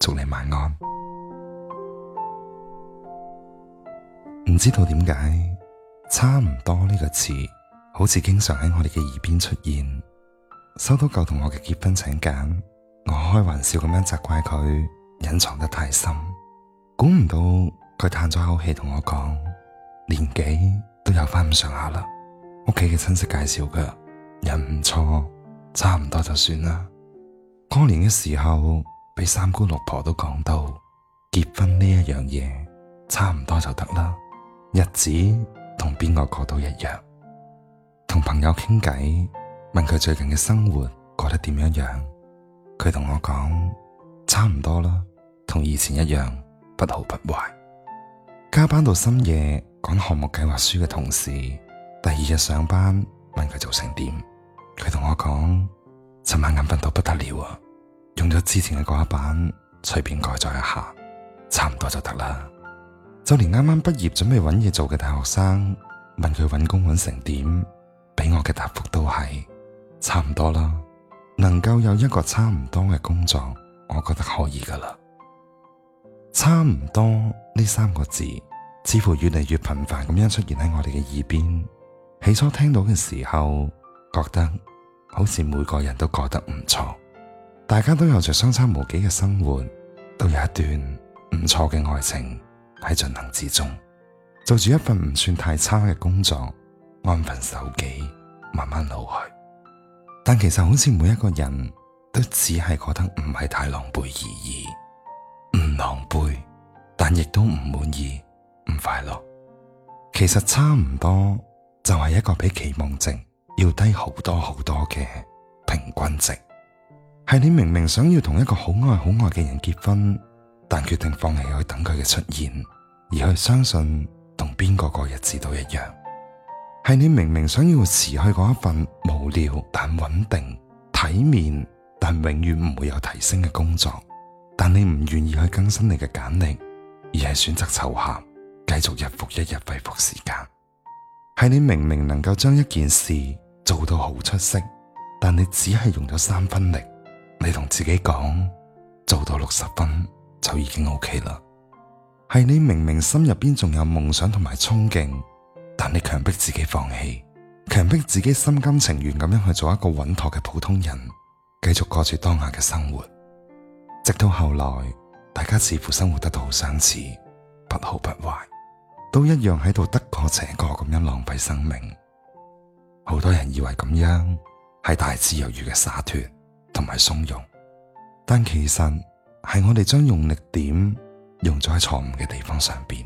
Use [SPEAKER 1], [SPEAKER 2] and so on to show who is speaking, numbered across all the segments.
[SPEAKER 1] 祝你晚安。唔知道點解，差唔多呢個詞好似經常喺我哋嘅耳邊出現。收到舊同學嘅結婚請柬，我開玩笑咁樣責怪佢隱藏得太深。估唔到佢嘆咗口氣同我講，年紀都有翻咁上下啦。屋企嘅親戚介紹嘅，人唔錯，差唔多就算啦。過年嘅時候，俾三姑六婆都講到結婚呢一樣嘢差唔多就得啦，日子同邊個過都一樣。同朋友傾偈，問佢最近嘅生活過得點樣樣？佢同我講，差唔多啦，同以前一樣，不好不壞。加班到深夜講項目計劃書嘅同事，第二日上班問佢做成點？佢同我講，尋晚眼瞓到不得了啊。用咗之前嘅嗰一版，隨便改咗一下，差唔多就得啦。就連啱啱畢業準備揾嘢做嘅大學生，問佢揾工揾成點，俾我嘅答覆都係差唔多啦。能夠有一個差唔多嘅工作，我覺得可以噶啦。差唔多呢三個字，似乎越嚟越頻繁咁樣出現喺我哋嘅耳邊。起初聽到嘅時候，覺得好似每個人都覺得唔錯。大家都有着相差無幾嘅生活，都有一段唔錯嘅愛情喺進行之中，做住一份唔算太差嘅工作，安分守己，慢慢老去。但其實好似每一個人都只係覺得唔係太狼狽而已，唔狼狽，但亦都唔滿意，唔快樂。其實差唔多就係一個比期望值要低好多好多嘅平均值。係你明明想要同一個好愛好愛嘅人結婚，但決定放棄去等佢嘅出現，而去相信同邊個過日子都一樣。係你明明想要辭去嗰一份無聊但穩定、體面但永遠唔會有提升嘅工作，但你唔願意去更新你嘅簡歷，而係選擇湊合，繼續日復一日揮霍時間。係你明明能夠將一件事做到好出色，但你只係用咗三分力。你同自己講，做到六十分就已經 OK 啦，係你明明心入邊仲有夢想同埋憧憬，但你強迫自己放棄，強迫自己心甘情願咁樣去做一個穩妥嘅普通人，繼續過住當下嘅生活，直到後來大家似乎生活得到好相似，不好不壞，都一樣喺度得過且過咁樣浪費生命，好多人以為咁樣係大智若愚嘅灑脫。同埋鬆容，但其實係我哋將用力點用咗喺錯誤嘅地方上邊。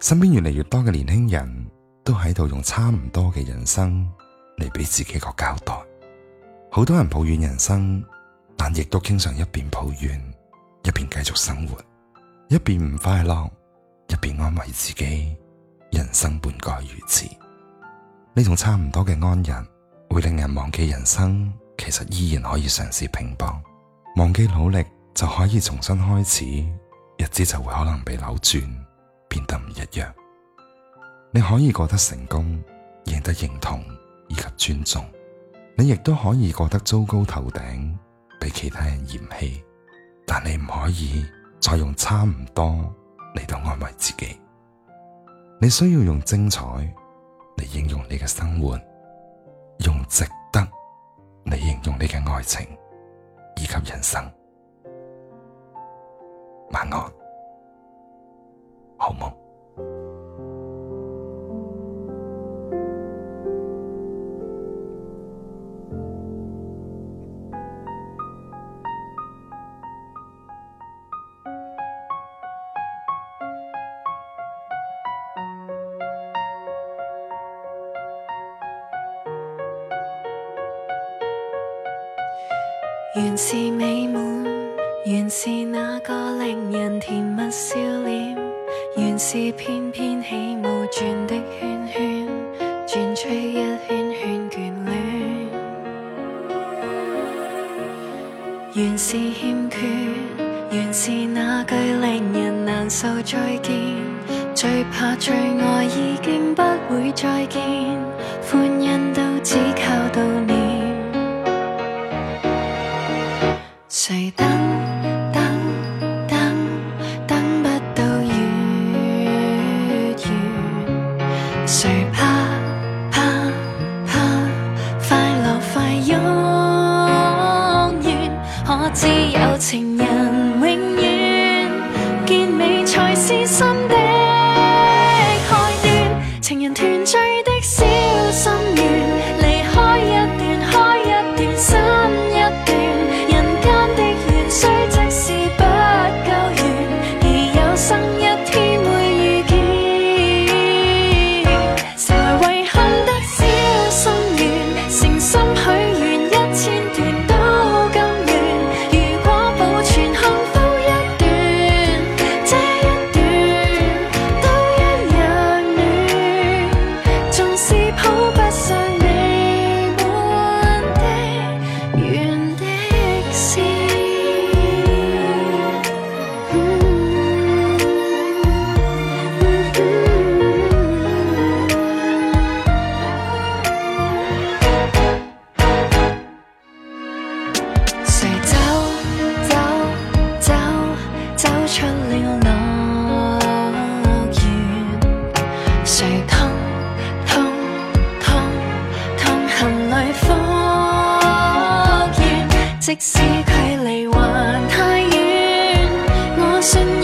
[SPEAKER 1] 身邊越嚟越多嘅年輕人都喺度用差唔多嘅人生嚟俾自己個交代。好多人抱怨人生，但亦都經常一邊抱怨，一邊繼續生活，一邊唔快樂，一邊安慰自己：人生本該如此。呢種差唔多嘅安逸，會令人忘記人生。其實依然可以嘗試拼搏，忘記努力就可以重新開始，日子就會可能被扭轉，變得唔一樣。你可以過得成功，贏得認同以及尊重，你亦都可以過得糟糕透頂，被其他人嫌棄。但你唔可以再用差唔多嚟到安慰自己。你需要用精彩嚟形容你嘅生活，用值。你嘅愛情以及人生，晚安，好夢。
[SPEAKER 2] 原是美滿，原是那個令人甜蜜笑臉，原是翩翩起舞轉的圈圈，轉出一圈圈眷戀。 原是欠缺，原是那句令人難受再見，最怕最愛已經不會再見，歡欣都只靠悼念。即使距離還太遠。我信。